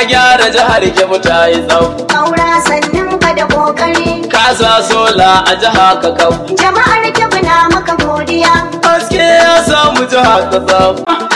ka gyara jihar Kebbi ta yi tsau. Kaura sannan ka da kokari. Ka sa sola a jiha ka kau. Jama'ar Kebbi na maka godiya. Aske ya samu jiha ka da kokari.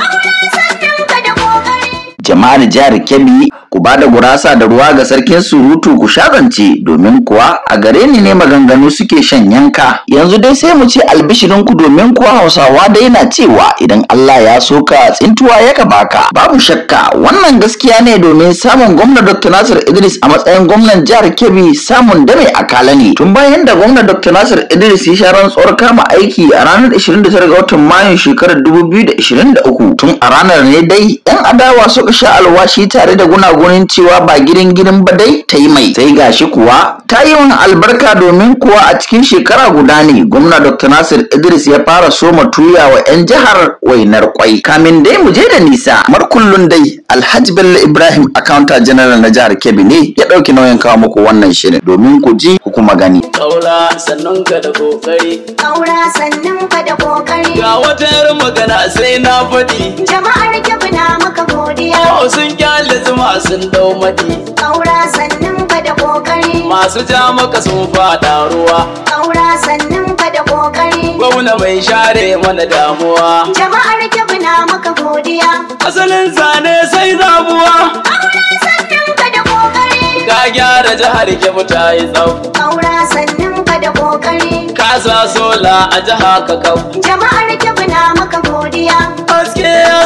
Jama'ar jihar Kebbi ku ba da gurasa da ruwa ga sarkin surutu ku shagance, domin kuwa a gare ni ne maganganu suke shan yanka yanzu dai sai mu ce albishirin ku domin kuwa hausawa dai na cewa idan Allah ya so ka tsintuwa ya ka baka babu shakka wannan gaskiya ne domin samun gwamna Dr. Nasir Idris a matsayin gwamnan jihar Kebbi samun dame a kala ne tun bayan da gwamna Dr. Nasir Idris ya sha rantsuwar kama aiki a ranar 29 ga watan Mayu shekarar 2023 tun a ranar ne dai yan adawa suka sha alwashi tare da gunagu gurin cewa ba gidan gidan ba dai ta yi mai sai gashi kuwa ta yi wani albarka domin kuwa a cikin shekara guda ne gwamna dr nasir idris ya fara soma tuya wa 'yan jihar wainar kwai kamin dai mu je da nisa markullun dai alhaji bello ibrahim accountant general na jihar kebbi ne ya ɗauki nauyin kawo muku wannan shirin domin ku ji ku kuma gani kaura sannan ka da kokari kaura sannan ka da kokari ga wata magana sai na faɗi jama'ar kebbi godiya sun kyale zuma sun dau mati. kaura sannan ka da kokari masu ja maka sun fada ruwa kaura sannan ka da kokari gwamna mai share mana damuwa jama'ar kyabu na maka godiya asalin zane sai zabuwa kaura sannan ka da kokari ka gyara jihar kyabu ta yi tsau kaura sannan ka da kokari ka sa sola a jiha ka kau jama'ar kyabu na maka godiya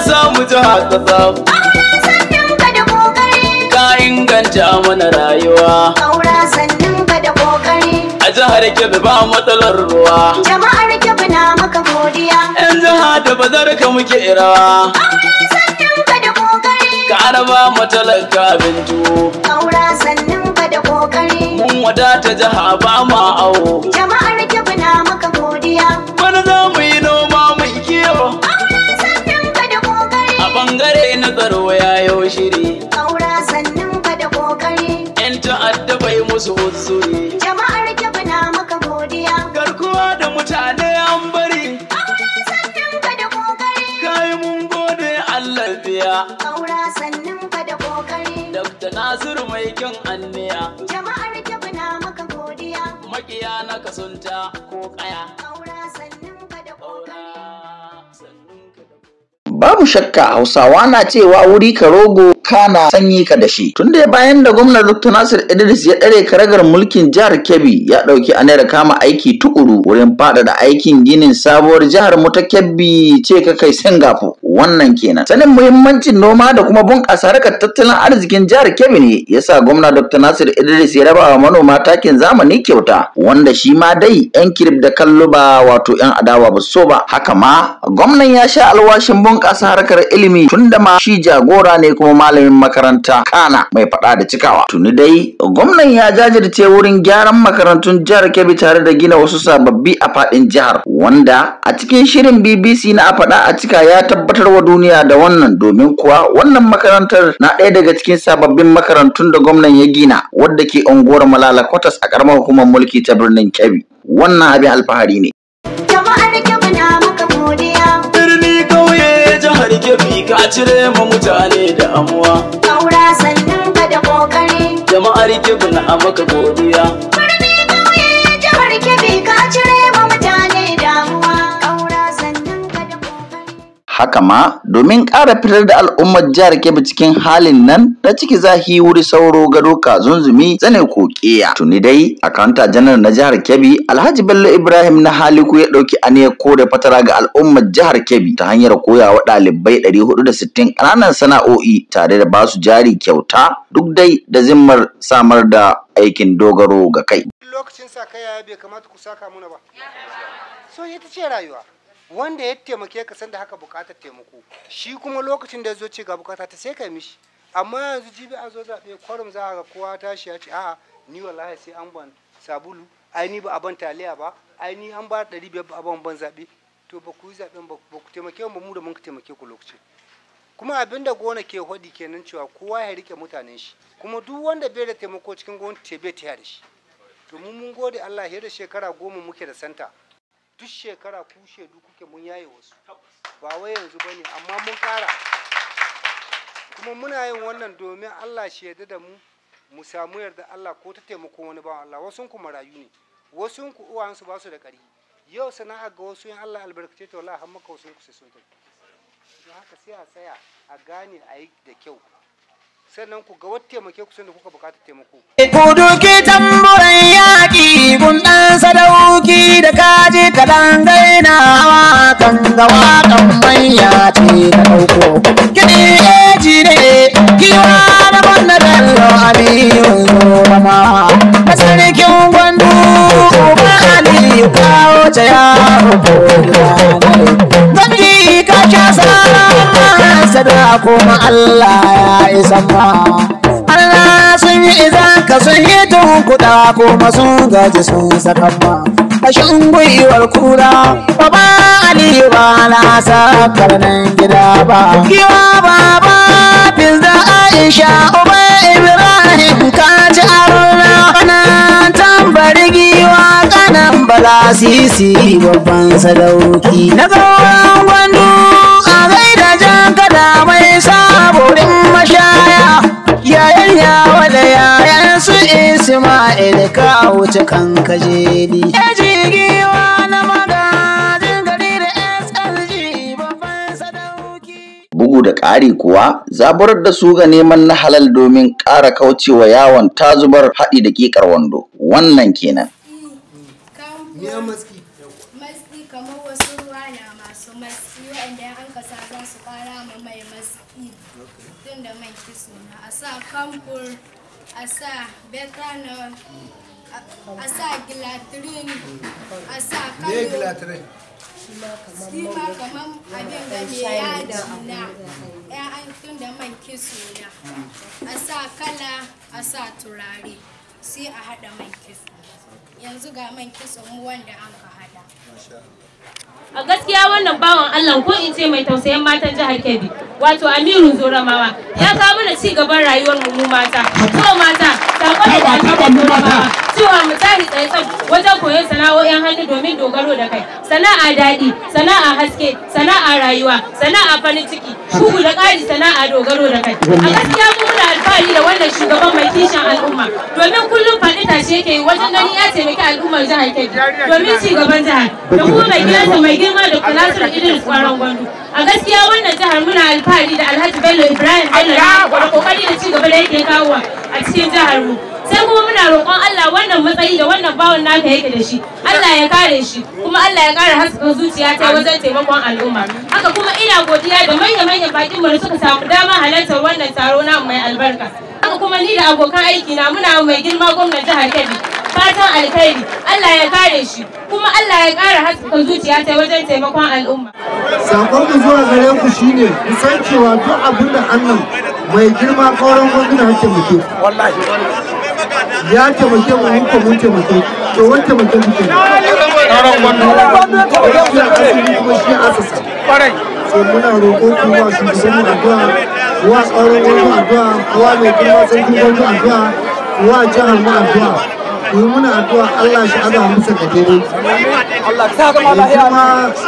samu jiha ta samu aura sannan ka da kokari ka inganta mana rayuwa aura sannan ba da ƙoƙari. a jihar kebbi ba matsalar ruwa jama'ar kebbi na maka godiya yan jiha da bazar ka muke rawa aura sannan ba da ƙoƙari. ka araba matalaka abin tuwo aura sannan ka da ƙoƙari. mun wadata jiha ba ma awo jama'a Kasunta. shakka Hausawa na cewa wuri ka rogo kana sanyi ka dashi. Tun da bayan da gwamnan Dr. Nasir Idris ya ɗare karagar mulkin jihar Kebbi ya ɗauki anayar kama aiki tukuru wurin faɗaɗa aikin ginin sabuwar jihar mu Kebbi ce ka kai Singapore. Wannan kenan. Sanin muhimmancin noma da kuma bunƙasa harkar tattalin arzikin jihar Kebbi ne yasa gwamna Dr. Nasir Idris ya raba wa manoma takin zamani kyauta wanda shi ma dai 'yan kirib da kalluba, wato 'yan adawa ba so ba. Haka ma gwamnan ya sha alwashin bunƙasa harkar ilimi tun da ma shi jagora ne kuma malamin makaranta kana mai faɗa da cikawa tuni dai gwamnan ya jajirce wurin gyaran makarantun jihar kebbi tare da gina wasu sababbi a faɗin jihar wanda a cikin shirin bbc na a faɗa a cika ya tabbatar wa duniya da wannan domin kuwa wannan makarantar na ɗaya daga cikin sababbin makarantun da gwamnan ya gina wadda ke unguwar malala kwatas a ƙaramar hukumar mulki ta birnin kebbi wannan abin alfahari ne a cire mu mutane da amuwa. Kaura sannan ka da kokari. Jama'ar kuna a maka godiya. haka ma domin ƙara fitar da al'ummar jihar Kebbi cikin halin nan da ciki zahi wuri sauro gado ka zunzumi zane kokiya tuni dai akanta janar na jihar Kebbi Alhaji Bello Ibrahim na Haliku ya ɗauki aniyar kore fatara ga al'ummar jihar Kebbi ta hanyar koyawa ɗalibai 460 ƙananan sana'o'i tare da basu jari kyauta duk dai da zimmar samar da aikin dogaro ga kai lokacin sa kai bai kamata ku saka muna ba so ita ce rayuwa wanda ya taimake ka da haka bukatar taimako shi kuma lokacin da ya zo ce ga bukata ta sai ka mishi amma yanzu jibi an zo zaɓe kwarum za a ga kowa tashi ya ce a'a ni wallahi sai an ban sabulu ai ni ba a ban taliya ba ai ni an ba ɗari biyar ba a ban zaɓe to ba ku yi zaɓen ba ku taimake mu mu da mun taimake ku lokacin kuma abin da gona ke hodi kenan cewa kowa ya rike mutanen shi kuma duk wanda bai da taimako cikin gwamnati bai taya da shi to mun gode Allah ya da shekara goma muke da santa duk shekara ku shedu kuke mun yaye wasu ba wai yanzu bane amma mun kara kuma muna yin wannan domin Allah shi yarda da mu mu samu yarda Allah ko ta taimako wani ba Allah wasun ku marayu ne wasun ku uwansu ba su da ƙari yau sana'a ga wasu yin Allah albarkace ta Allah har maka wasun ku sai sun haka sai a tsaya a gane a yi da kyau sannan ku ga wata taimake ku sanda kuka bukata taimako. Eh, ku duki tamburan yaƙi kun ɗan sadauki da kaji kaɗan zaina hawa kan ga waƙan manya ce ta ɗauko. Kiɗi eji ne kiwa na banna dallo aliyun zoma da sarkin gwandu ba aliyu kawo ta yaro sadra kuma Allah ya isa ma Allah sun yi izan ka sun yi tun kuɗa kuma sun gaji sun saka ma kashin gwiwar kura ba ba aliyu ba na sakar nan gida ba kiwa baba fizda aisha uba ibrahim ka ji arna nan tambari giwa kanan bala sisi babban sadauki na gawan gwandu da jan gada mai saburin mashaya yayan yawa da yayan su isma'il ka wuce kan sadauki. bugu da ƙari kuwa zaɓar da su ga neman na halal domin ƙara kaucewa yawon ta zubar haɗi da ƙiƙar wando wannan kenan asa betanol a sa asa a sa kano shi ma kamar abin da mai yaji na an tun da man kisu na a sa kala a sa turare sai a haɗa man kisu yanzu ga man kisu mu wanda an ka haɗa a gaskiya wannan bawan allah ko in ce mai tausayin matan jihar kebbi wato Aminu Zoramawa ya kawo mana ci gaban rayuwar mu mata. To mata, ta sakon da Aminu Mata. cewa mu tsari tsaye wajen koyon sana'o'in hannu domin dogaro da kai sana'a daɗi sana'a haske sana'a rayuwa sana'a farin ciki shugu da ƙari sana'a dogaro da kai a gaskiya mu muna alfahari da wannan shugaban mai kishin al'umma domin kullum faɗi shi yake yi wajen gani ya taimaki al'ummar jihar Kebbi domin ci gaban jihar da kuma mai gidansa mai girma da Nasir Idris Kwaron Gwandu a gaskiya wannan jihar muna alfahari da Alhaji Bello Ibrahim Bello da kokari da ci gaba da yake kawo a cikin jihar mu sai kuma muna roƙon Allah wannan matsayi da wannan bawan naka yake da shi Allah ya kare shi kuma Allah ya kare hasken zuciya ta wajen taimakon al'umma haka kuma ina godiya da manyan manyan bakin mu suka samu dama halartar wannan taro na mai albarka haka kuma ni da abokan aiki na muna mai girma gwamnan jihar Kebbi fatan alkhairi Allah ya kare shi kuma Allah ya kare hasken zuciya ta wajen taimakon al'umma sakon mu zuwa gare ku shine san cewa duk abin da mai girma kauran gwamnati hakkin wallahi ya taimake mu mun ko mun taimake to wani taimake mu ke ƙaran wannan wannan asiri kuma shi asasa so muna roƙo ku wa shugaban addu'a wa ƙauran wani addu'a wa mai girma sarki wani addu'a wa jihar mu addu'a ku muna addu'a Allah shi aza musa ga dare Allah ta ga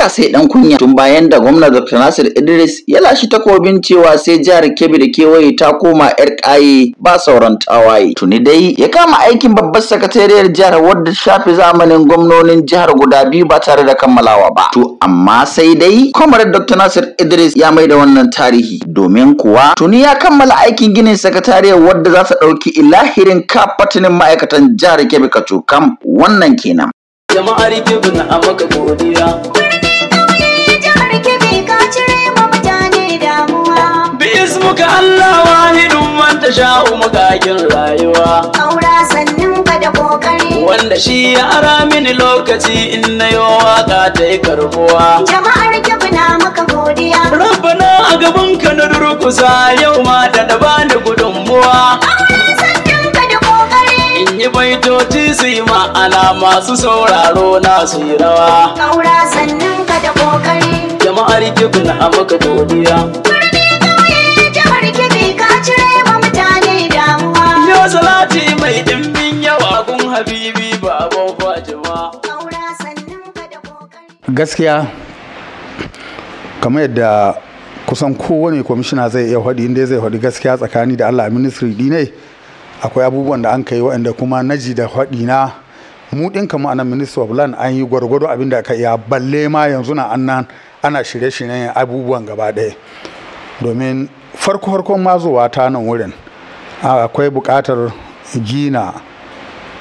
shakka sai dan kunya tun bayan da gwamna Dr. Nasir Idris ya lashi takobin cewa sai jihar Kebbi da kewaye ta koma yar kaye ba sauran tawaye. Tuni dai ya kama aikin babbar sakatariyar jihar wadda shafi zamanin gwamnonin jihar guda biyu ba tare da kammalawa ba. To amma sai dai Comrade Dr. Nasir Idris ya maida wannan tarihi domin kuwa tuni ya kammala aikin ginin sakatariyar wadda za ta ɗauki ilahirin kafatinin ma'aikatan jihar Kebbi Kacokam wannan kenan. jama'ar kibin a maka godiya sha'u magagin rayuwa aura sannin ka da kokari wanda shi ya ara mini lokaci in na yo waka ta yi karbuwa jama'ar kibna maka godiya rabbana a gaban ka na durkusa yau ma da da bani gudunmuwa yi baitoci su yi ma'ana masu sauraro na su yi rawa. Ƙaura sannin ka da ƙoƙari. Jama'ar kibi na maka godiya. Birni ƙauye jama'ar kibi ka cire salati mai dimbin yawa gun habibi baban fatima gaskiya kamar yadda kusan kowane kwamishina zai iya faɗi inda zai faɗi gaskiya tsakani da allah ministry ne akwai abubuwan da an kai waɗanda kuma naji da faɗi na mu kama anan minister of land an yi gwargwado abin da aka iya balle ma yanzu na annan ana shirye-shiryen abubuwan gaba ɗaya domin farko farkon mazowa ta nan wurin akwai bukatar gina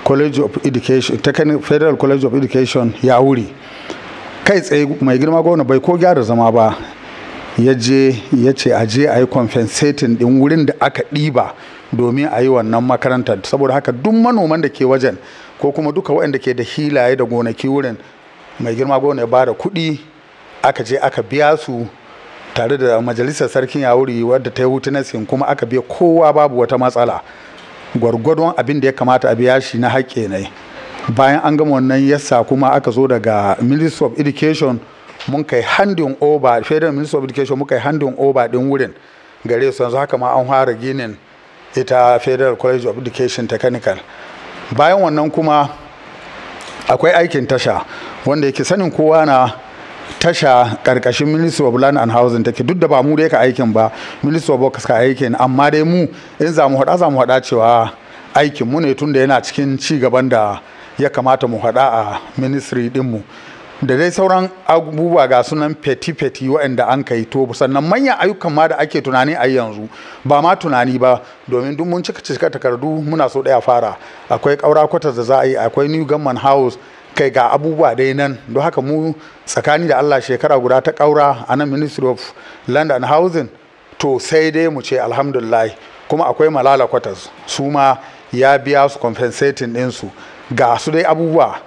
college of education federal college of education ya wuri kai tsaye mai girma gwamna bai ko gyara zama ba ya je ya ce a je a yi compensating din wurin da aka ɗiba domin a yi wannan makarantar saboda haka duk manoman da ke wajen ko kuma duka waɗanda ke da hilaye da gonaki wurin mai girma gwamna ya ba da kuɗi aka je aka biya su tare da majalisar sarkin yawuri wadda ta yi sin kuma aka biya kowa babu wata matsala gwargwadon abin da ya kamata a biya shi na haƙƙe ne bayan an gama wannan yasa kuma aka zo daga ministry of education mun kai handin over federal ministry of education mun kai handin over din wurin gare su yanzu haka ma an fara ginin ita federal college of education technical bayan wannan kuma akwai aikin tasha wanda yake sanin kowa na tasha karkashin ministry of land and housing take duk da ba mu da yake aikin ba ministry of works ka aikin amma dai mu in za mu hada za mu hada cewa aikin mu ne tunda yana cikin ci gaban da ya kamata mu hada a ministry din mu da dai sauran abubuwa ga sunan feti-feti waɗanda an kai to sannan manyan ayyukan ma da ake tunani a yanzu ba ma tunani ba domin duk mun cika cika takardu muna so ɗaya fara akwai ƙaura kwatar da za a yi akwai new government house kai ga abubuwa dai nan don haka mu tsakani da allah shekara guda ta kaura a nan ministry of land and housing to sai dai mu ce alhamdulillah kuma akwai malala kwatas su ma ya biya su compensating ɗinsu ga su dai abubuwa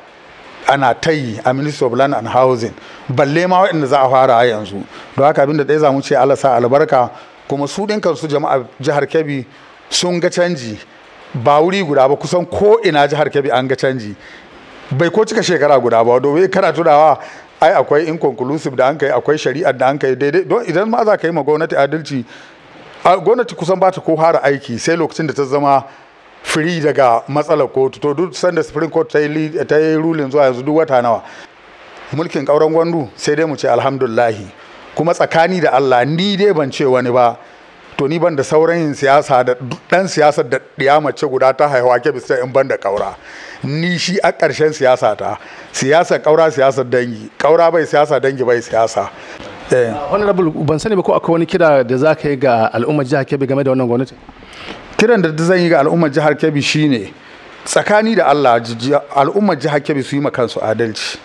ana ta yi a ministry of land and housing balle ma waɗanda za a fara yanzu don haka abinda ɗaya za mu ce allah sa albarka kuma su ɗin jama'a jihar kebbi sun ga canji ba wuri guda ba kusan ko ina jihar kebbi an ga canji bai ko cika shekara guda ba domin kana tunawa ai akwai inconclusive da an kai akwai shari'ar da an kai daidai don idan ma za ka yi ma gwamnati adalci gwamnati kusan ba ta ko hara aiki sai lokacin da ta zama free daga matsalar kotu to duk sanda supreme court ta yi rulin zuwa yanzu duk wata nawa mulkin kauran gwandu sai dai mu ce alhamdulahi kuma tsakani da allah ni dai ban ce wani ba to ni ban da sauran siyasa da dan siyasar da ɗiya mace guda ta haihuwa ke bisa in ban da kaura ni shi a ƙarshen siyasa ta siyasa ƙaura siyasar dangi ƙaura bai siyasa dangi bai siyasa eh. honorable ban sani ba ko akwai wani kira da za ka yi ga al'ummar jihar kebbi game da wannan gwamnati kiran da zan yi ga al'ummar jihar kebbi shine tsakani da allah al'ummar jihar kebbi su yi kansu adalci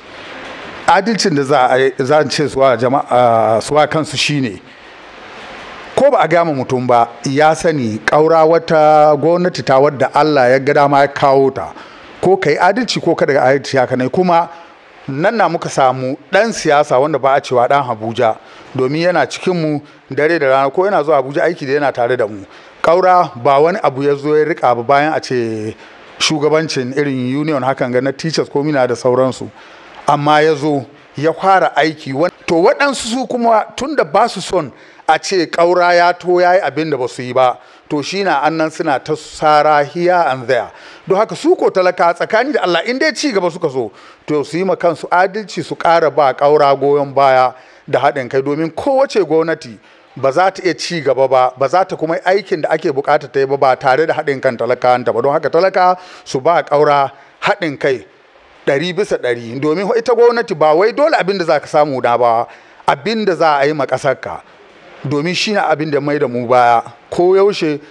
adalcin da za a ce suwa jama'a suwa kansu shine ko ba a gama mutum ba ya sani ƙaura wata gwamnati ta wadda allah ya ga dama ya kawo ta ko ka yi adalci ko kada adalci haka ne kuma nan na muka samu dan siyasa wanda ba a cewa dan Abuja domin yana cikin mu dare da rana ko yana zuwa Abuja aiki da yana tare da mu kaura ba wani abu ya zo ya rika ba bayan a ce shugabancin irin union hakan ga na teachers ko mina da sauransu amma ya zo ya fara aiki to waɗansu su kuma tunda ba su son a ce ƙaura ya to ya yi abin da ba su yi ba to shi na annan suna ta sara here and there don haka su ko talaka tsakani da Allah in dai ci gaba suka so to su yi ma kansu adalci su ƙara ba ƙaura goyon baya da haɗin kai domin kowace gwamnati ba za ta iya ci gaba ba ba za ta kuma aikin da ake bukata ta yi ba ba tare da haɗin kan talakanta ba don haka talaka su ba ƙaura haɗin kai ɗari bisa ɗari domin ita gwamnati ba wai dole abin da za ka samu na ba abin da za a yi ma ƙasarka domin shi ne abin da mai da mu baya ko yaushe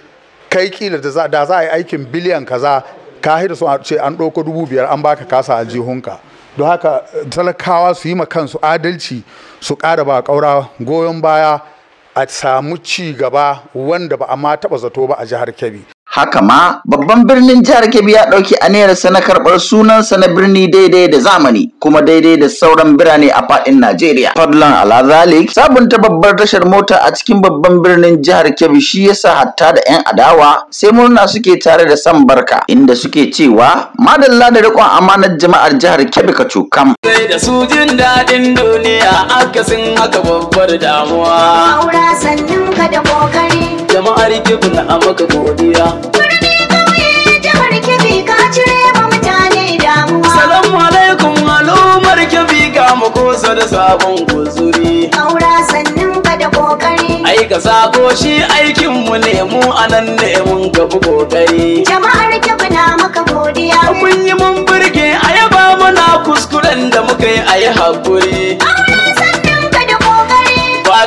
kai kila da za a yi aikin biliyan kaza ka hira su ce an ɗauko dubu biyar an baka kasa a jihunka don haka eh, talakawa su yi ma kansu adalci su ƙara ba ƙaura goyon baya a samu ci gaba wanda ba a ma taɓa zato ba a jihar kebbi haka ma babban birnin jihar Kebbi ya ɗauki aniyarsa na karɓar sunansa na birni daidai da zamani kuma daidai da sauran birane a faɗin Najeriya. Fadlan Alazalik sabunta babbar tashar mota a cikin babban birnin jihar Kebbi shi yasa hatta da 'yan adawa sai murna suke tare da san barka inda suke cewa madalla da riƙon amanar jama'ar jihar Kebbi ka cukam. Sai da su jin daɗin duniya akasin haka babbar damuwa. Aura sannin da kokari. jama'ar kibin a maka godiya birni kauye jihar kibi ka cire ma mutane damuwa salamu alaikum al'ummar kibi ga mu kusa da sabon guzuri kaura sannin ka da kokari ai ka sako shi aikin mu ne mu anan ne mun gabu jama'ar kibi na maka godiya mun yi mun burge ayaba mana kuskuren da muka yi ayi hakuri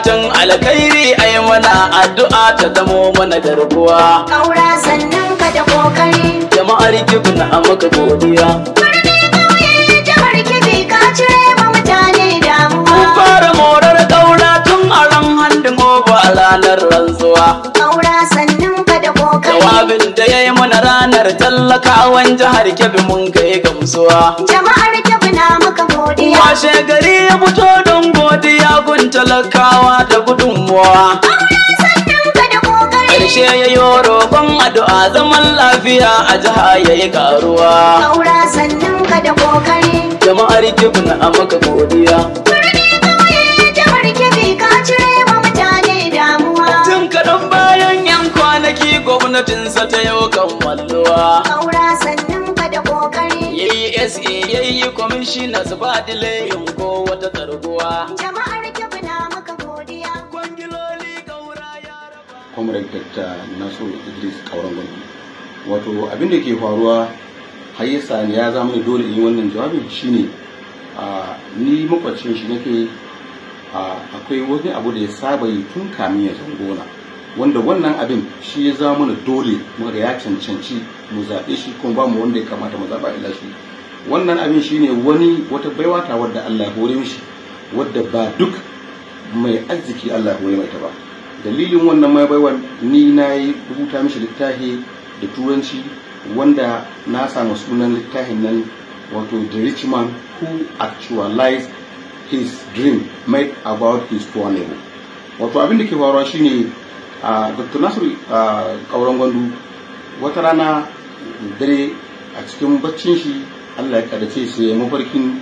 fatan alkhairi ai mana addu'a ta zamo mana garkuwa kaura sannan ka da kokari jama'ar kibin a maka godiya ranar Kaura da ya yi mana ranar jihar Kebbi mun kai gamsuwa. Jama'ar Kebbi na maka godiya. Washe gari ya fito don godiya. san talakawa da gudunmuwa Karshe ya yi roƙon addu'a zaman lafiya a jiha ya yi karuwa. Kaura sannin ka da kokari. Jama'ar Kebbi a maka godiya. Birni ƙauye jama'ar Kebbi ka cire wa mutane damuwa. Tun kaɗan bayan yan kwanaki gwamnatinsa ta yau kan walluwa. Kaura sannin ka da kokari. Yayi SA yayi kwamishinas ba dilayin ko wata da ta nasiru idris kauran gwani wato abin da ke faruwa hayyasa ne ya zama dole yin wannan jawabin shine a ni makwacin shi nake akwai wani abu da ya saba yi tun kamin ya zangona wanda wannan abin shi ya zama mana dole muka ya cancanci mu zaɓe shi kuma ba mu wanda ya kamata mu zaɓa illa shi wannan abin shi ne wani wata baiwata wadda Allah ya hore wadda ba duk mai arziki Allah ya mai ta ba dalilin wannan mai baiwa ni na yi rubuta mishi littafi da turanci wanda na samu sunan littafin nan wato the rich man who actualized his dream made about his poor neighbor wato abin da ke faruwa shine a dr nasiru kauran gwandu wata rana dare a cikin baccin shi allah ya ce sai ya mafarkin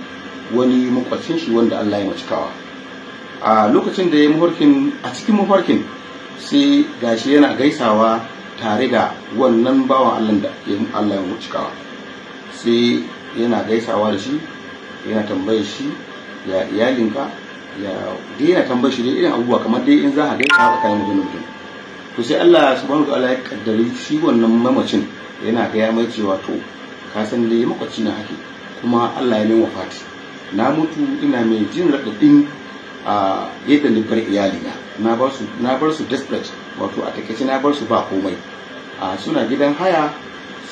wani makwacin shi wanda allah ya macikawa a lokacin da ya mafarkin a cikin mafarkin sai gashi yana gaisawa tare da wannan bawan allah da allah ya cikawa sai yana gaisawa da shi yana tambayar shi ya iyalinka ya dai yana tambayar shi dai irin abubuwa kamar dai in za a gaisa a kayan mutum mutum to sai allah subhanahu wa ta'ala ya kaddari shi wannan mamacin yana gaya mai cewa to ka san dai makwaci na hake kuma allah ya min fati na mutu ina mai jin raɗaɗin a gefen dukkan iyalina na bar su na bar su desperate wato a takaice na bar su ba komai a suna gidan haya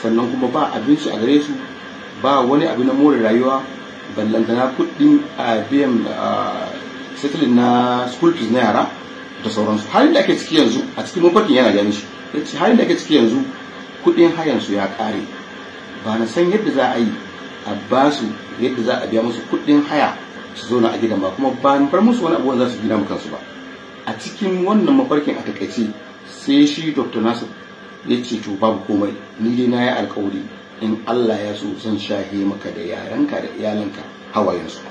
sannan kuma ba abinci a gare su ba wani abu na more rayuwa ballantana kuɗin a biyan settling na school fees na yara da sauransu halin da ake ciki yanzu a cikin mafarkin yana gani shi ya halin da ake ciki yanzu kuɗin hayansu ya kare ba na san yadda za a yi a ba su yadda za a biya musu kuɗin haya su zo a gidan ba kuma ba far musu wani abubuwan za su gina su ba a cikin wannan mafarkin a takaice sai shi dr nasir ya ce to babu komai ni dai na yi alkawari in allah ya so zan shahe maka da yaranka da iyalanka hawayensu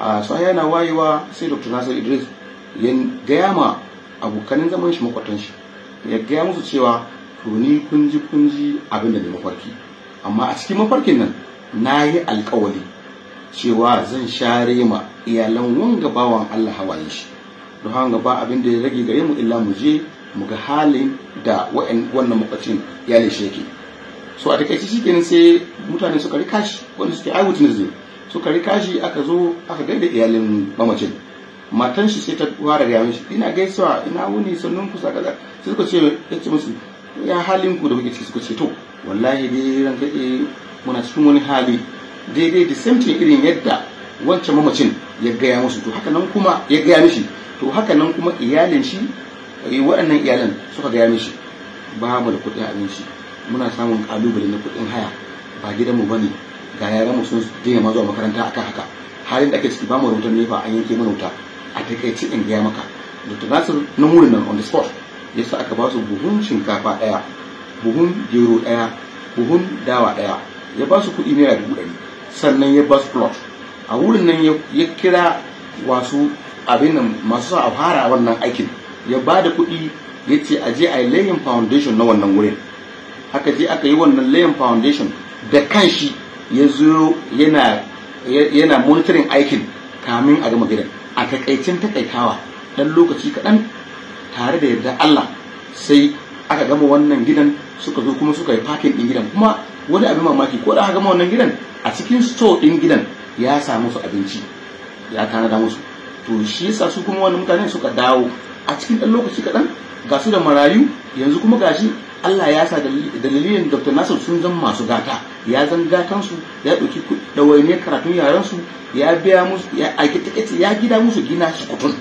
a sahaya na wayewa sai dr nasir idris ya gaya ma abokanin zaman shi makwatan shi ya gaya musu cewa to ni kunji kunji abinda da mafarki amma a cikin mafarkin nan na yi alkawari cewa zan share ma iyalan wanga bawan Allah hawaye shi don haka ba abin da ya rage gare mu illa mu je mu ga halin da wannan mukatin iyalin shi yake so a takaice shi kenan sai mutane suka rika shi wanda suke eyewitness ne suka rika shi aka zo aka gaida iyalan mamacin matan shi sai ta fara gaya mishi ina gaisuwa ina wuni sannan kusa kaza sai suka ce ya ce musu ya halin ku da kuke ciki suka ce to wallahi dai ran kake eh, muna cikin wani hali daidai da samtin irin yadda wancan mamacin ya gaya musu to haka nan kuma ya gaya mishi to haka nan kuma iyalin shi eh, waɗannan iyalan suka gaya mishi ba mu da kuɗin abinci muna samun kalubale na kuɗin haya ba gidanmu ba ne ga yaran mu sun daina ma zuwa makaranta akan haka halin da ake ciki ba mu rubutar nefa an yanke mana wuta a takaice in gaya maka dr nasir na murin nan on the spot yasa aka ba su buhun shinkafa ɗaya buhun gero ɗaya buhun dawa ɗaya ya ba su kuɗi naira dubu ɗari sannan ya bus block a wurin nan ya kira wasu abin nan masu sa a fara wannan aikin ya ba da kuɗi ya ce a je a yi layin foundation na wannan wurin aka je aka yi wannan layin foundation da kanshi ya zo yana yana monitoring aikin kamin a gama gidan a takaicin takaitawa dan lokaci kaɗan tare da yadda Allah sai aka gama wannan gidan suka zo kuma suka yi fakin ɗin gidan kuma wani abin mamaki ko da haka gama wannan gidan a cikin store din gidan ya samu su abinci ya tanada musu to shi yasa su kuma wannan mutane suka dawo a cikin ɗan lokaci kaɗan ga su da marayu yanzu kuma ga shi Allah ya sa dalilin Dr. Nasir sun zama masu gata ya zan gatan su ya ɗauki ɗawainiyar karatun yaran su ya biya musu ya aiki ya gida musu gina shi kutun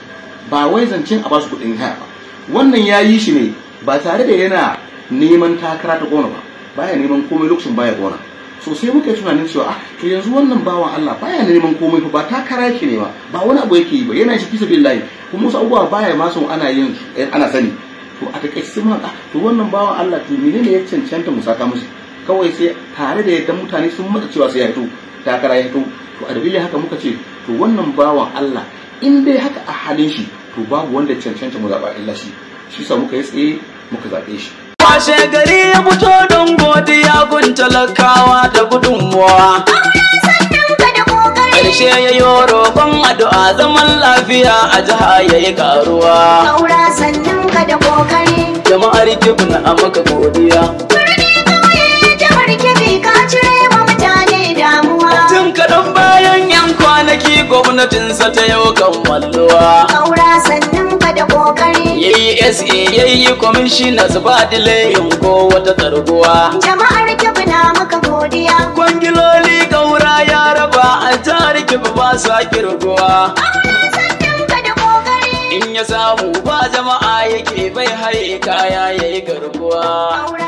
ba wai zancen a basu kuɗin haya ba wannan ya yi shi ne ba tare da yana neman takara ta gona ba baya neman komai lokacin baya gona so sai muka yi tunanin cewa ah to yanzu wannan bawan Allah baya neman komai ba ba takara yake ne ba ba wani abu yake yi ba yana shi fisa billahi kuma musu abubuwa baya ma son ana yin eh, ana sani to a takaice sai ah, to wannan bawan Allah to menene ya cancanta mu saka musu kawai sai tare da yadda mutane sun mata cewa sai ya ta takara ya to to a dalilin haka muka ce to wannan bawan Allah in dai haka a halin shi to babu wanda cancanta mu zaɓa illa shi shi sa muka yi tsaye muka zaɓe shi washe gari ya fito don godiya gun talakawa da gudunmuwa ƙarshe ya yi roƙon addu'a zaman lafiya a jiha ya yi ƙaruwa ƙaura sannan ka da ƙoƙari jama'ar kibin a maka godiya gwamnatinsa ta yau kan walluwa. Kaura sannan ka da ƙoƙari. ESA yayi commissioners ba delayin ko wata targuwa. Jama'ar Kebbi na maka godiya. Kwangiloli gaura ya raba a jihar Kebbi ba su kirguwa. In ya samu ba jama'a yake bai haye kaya yayi garkuwa.